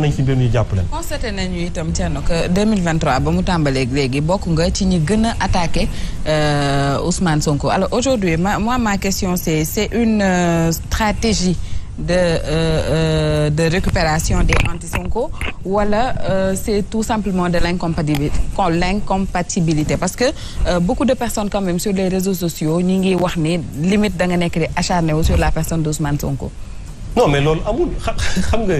nañ 2023 ba mu tàmbaleeg léegi bokk nga ci euh, Ousmane Sonko alors aujourd'hui ma moi ma question c'est c'est une euh, stratégie. de euh, euh, de récupération des anti-Sonko wala euh, c'est tout simplement de l'incompatibilité parce que beaucoup de personnes quand même sur les réseaux sociaux ñi ngi wax ni limite da nga acharné sur la personne d'Ousmane Sonko. non mais loolu amul xam nga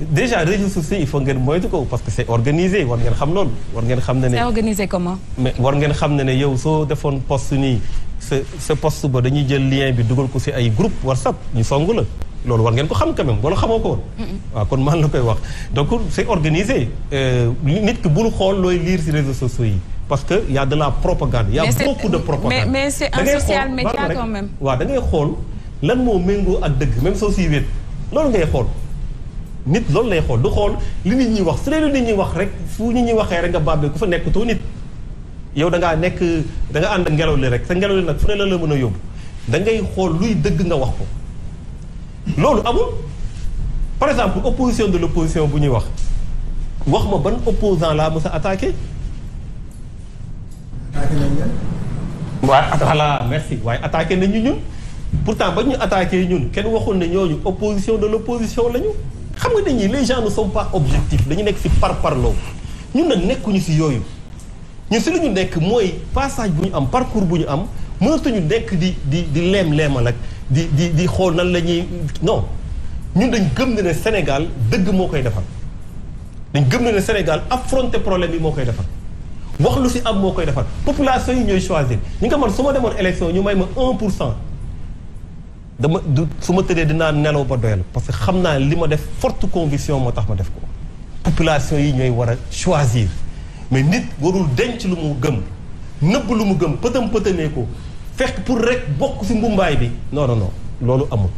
déjà réseaux sociaux il faut ngeen moytu ko parce que c'est organisé war ngeen xam non, war ngeen xam ne C'est organisé comment. mais war ngeen xam ne ne yow soo defoon post nii ce sa post ba dañuy jël lien bi dugal ko si ay groupe whatsapp ñu song la. loolu war ngeen ko xam quand même wala xamoo ko woon. waaw kon man la koy wax donc c' est organisé. Euh, nit ki bul xool looy lire si réseaux sociaux yi. parce que il y' a de la propagande. Il y' a beaucoup de propagande mais c' est un social média quand même. waaw da ngay xool lan moo méngoo ak dëgg même soo siy wéet loolu ngay xool. nit loolu lay xool du xool li nit ñi wax su dee lu nit ñi wax rek fu nit ñi waxee rek nga bàbbee ku fa nekk too nit yow da ngaa nekk da nga ànd ak ngelaw li rek sa ngelaw li nag fu ne la mën a yóbbu da ngay xool luy dëgg nga wax ko loolu amul par exemple opposition de l'opposition bu ñuy wax wax ma ban opposant laa mos a attaqué waaye voilà merci waaye attaqué nañ ñu ñun pourtant ba ñu attaqué ñun kenn waxul ne ñooñu opposition de l'opposition lañu les gens ne sont pas objectifs dañu nekk par l'eau ñun nag nekkuñu si yooyu ñun si ñu nekk passage am parcours bu am mënatuñu nekk di di di leem non ñun gëm ne Sénégal dëgg moo koy defal dañ gëm ne Sénégal affronter problème yi population choisir élection 1 dama du su ma tëddee dinaa nelaw ba doyal parce que xam naa li ma def forte conviction moo tax ma def ko population yi ñooy war a choisir mais nit warul denc lu mu gëm nëbb lu mu gëm pëtam pëtamee ko fekk pour rek bokk ci mbumbaay bi non non non loolu amul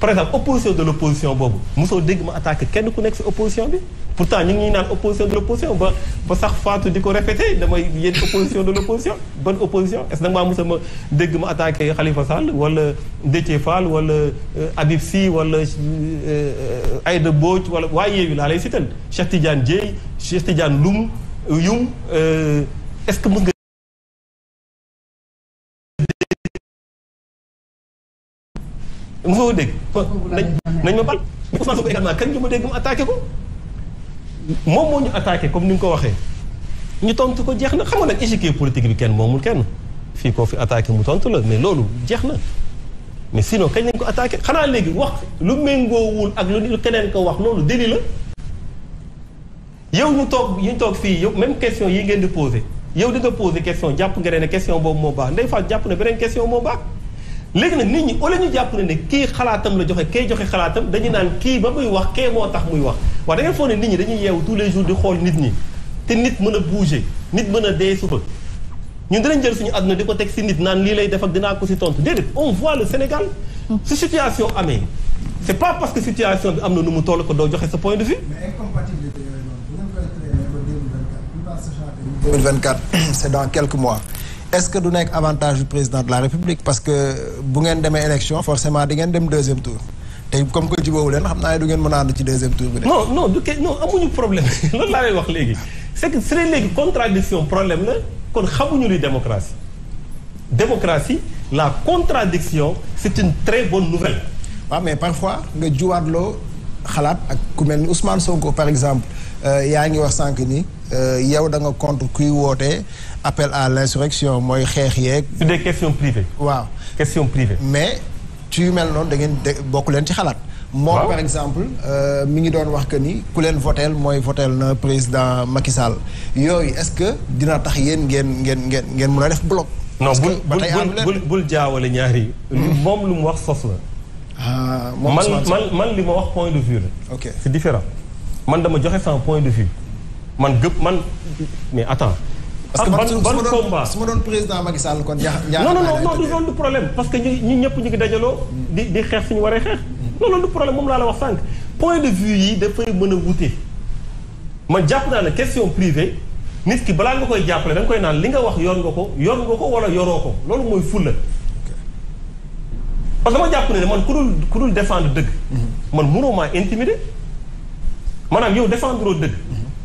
par exemple opposition de l'opposition boobu mosoo dégg ma attaque kenn ku nekk si opposition bi pourtant ñu ngi ñuy naan opposition de l' opposition ba ba sax faatu di ko répété damay yéen opposition de l' opposition bonne opposition est ce que da nga maa mos ma dégg ma attaqué Khalifa Sall wala Déthié Fall wala euh, Habib si wala euh, Aïda Mbodj wala waa Yewwi laa lay sital Cheikh Tidiane Dièye Cheikh Tidiane Loum Youm euh, est ce que mos nga mos nga dégg nañ ma bal Ousmane Sonko également kañ ñu ma dégg ma attaqué ko moom moo ñu attaqué comme ni nga ko waxee ñu tontu ko jeex na xam nga nag échiquier politique bi kenn moomul kenn fii koo fi attaqué mu tontu la mais loolu jeex na mais sinon kañ lañ ko attaqué xanaa léegi wax lu méngoowul ak lu keneen ko wax loolu déli la yow ñu toog ñu toog fii yow même question yi ngeen di posé yow di nga posé question jàpp nga ne question boobu moo baax ndey faat jàpp ne beneen question moo baax léegi nag nit ñi au lieu ñu jàpp ne ne kii xalaatam la joxe kee joxe xalaatam dañu naan kii ba muy wax kee moo muy wax waaw da ngeen foog ne nit ñi dañuy yeewu tous les jours di xool nit ñi te nit mën a bouger nit mën a dee suba ñun dinañ jël suñu àdduna di ko teg si nit naan lii lay def ak dinaa ko si tontu déedéet on voit le Sénégal mm. su situation amee c' est pas parce que situation bi am na nu mu toll ko doo joxe sa point de vue. mais incompatibilité bu 2024. 2024 c' est dans quelques mois. est ce que du nekk avantage du président de la république. parce que bu ngeen demee élection forcément di ngeen dem deuxième tour tey comme que jubóowu leen xam naa ne du ngeen mën a ànd ci deuxième tour bi de. non non du ke non amuñu problème loolu laa lay wax léegi c'est que c'est léegi contradiction problème la kon xamuñu li démocratie démocratie la contradiction c'est une très bonne nouvelle waaw mais parfois nga juwaatloo xalaat ak ku mel ni Ousmane Sonko par exemple euh, yaa ngi wax sànq ni euh, yow da nga contre kuy wootee appel à l'insurrection mooy xeex yeeg. c'est des questions privées. waaw question privée mais ci yu mel noonu da ngeen de bokk leen ci xalaat. moom par exemple euh, mi ngi doon wax que ni ku leen voteel mooy voteel na président Macky Sall yooyu est-ce que dina tax yéen ngeen ngeen ngeen ngeen mën a def bloc. non bul bul bul jaawale ñaari. Hmm. moom lu mu wax sos la. ah man man man li ma wax point de vue la. ok c'est différent man dama joxe sama point de vue man gëpp man mais attends. parce que ah, ban ban combat su ma doon président Macky Sall kon yaa yaa non non non du loolu du problème parce que ñi ñëpp ñu ngi dajaloo di di xeex suñu waree xeex non loolu du problème moom laa la wax sànq point de vue yi dafay mën a wute man jàpp naa ne question privée nit ki balaa nga koy jàppale da koy naan li nga wax yor nga ko yor nga ko wala yoroo ko loolu mooy fulla que dama jàpp ne man ku dul ku dul défendre dëgg man mënoo maa intimider maanaam yow défendre dëgg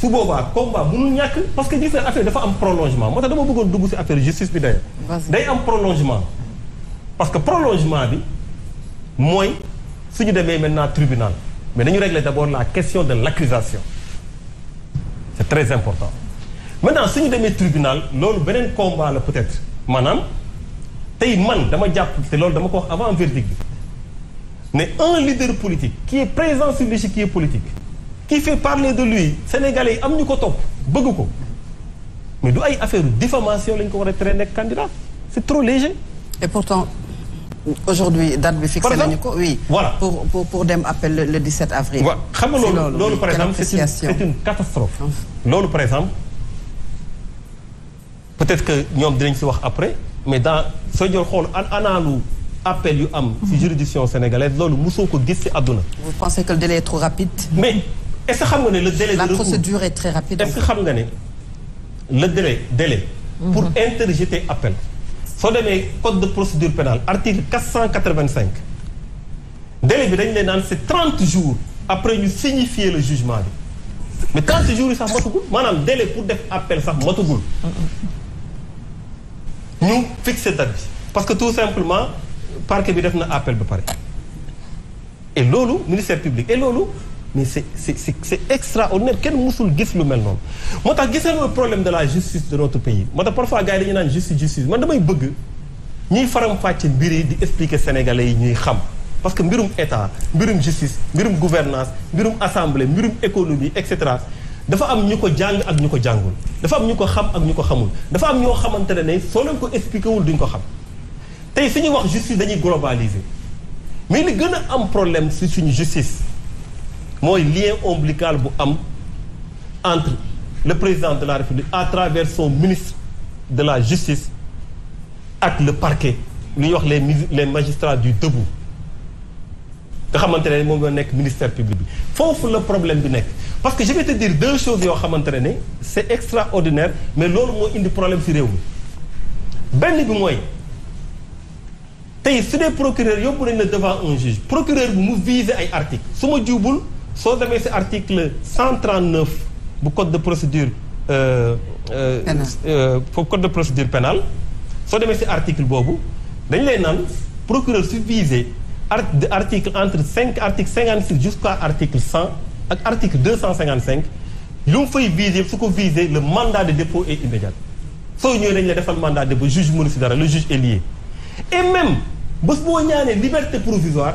combat combat parce que gis fait affaire prolongement Moi, je dama bëggoon pas si affaire justice bi d'ailleurs day am prolongement parce que prolongement bi Si suñu demee maintenant tribunal mais nous régler d'abord la question de l'accusation c'est très important maintenant si suñu devons tribunal le tribunal, combat le peut-être maanaam tey man dama jàpp te loolu dama ko wax avant verdict mais un leader politique qui est présent sur l'échiquier politique qui fait parler de lui sénégalais Amnukoto, am Mais ko a ko mais affaire diffamation la le ko candidat c'est trop léger. et pourtant aujourd'hui date de fixation oui pour pour pour le, 17 avril. par exemple c'est une catastrophe. par exemple peut-être que nous allons le voir après mais dans ce jël en un appel yu am. juridiction sénégalaise nous sommes vous pensez que le délai est trop rapide. mais est-ce que vous le délai. de recours la procédure est très rapide. est-ce que vous le délai délai. Mhm. pour interjeter appel. C'est le code de procédure pénale article 485 délai c'est 30 jours après nous signifier le jugement mais 30 jours yi sax Maintenant, le délai pour def appel ça Nous Nous, fixer date parce que tout simplement parquet bi def un appel de Paris. et le ministère public et Lolo mais c'est c'est extraordinaire Quel musul gis lu mel non motax gisal mooy problème de la justice de notre pays moo parfois gars yi dañuy naan justice justice man damay bëgg ñuy faram-fàcce mbir yi di expliquer sénégalais yi ñuy xam parce que mbirum état mbirum justice mbirum gouvernance mbirum assemblée mbirum économie etc dafa am ñu ko jàng ak ñu ko jàngul dafa am ñu ko xam ak ñu ko xamul dafa am ñoo xamantene ne ne soo leen ko expliquer wul duñ ko xam tey suñu wax justice dañuy globaliser mais li gën a am problème si suñu justice un lien ombilical entre le président de la république à travers son ministre de la justice et le parquet Nous avons les magistrats du debout Je xamante le ministère public faut foofu le problème bi parce que je vais te dire deux choses yo xamantene C'est extraordinaire mais lolu mo indi problème ci réew ben tu bi moy procureur devant un juge procureur bi mu viser ay articles suma djoubul soo demee si article 139 du code de procédure euh, euh, euh, code de procédure pénale soo demee si article boobu dañ lay naan procureur su visé article entre 5 article 56 jusqu'à article 100 ak article 255 il faut viser visé su ko le mandat de dépôt est immédiat soo ñëwee a la defal mandat de dépôt juge le juge est lié et même bés a une liberté provisoire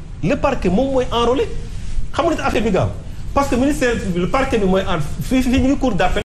le parquet moom mooy enrôlé xam nga affaire bi gaaw parce que ministère le parquet bi mooy en fii fii ñu cour d'affaires.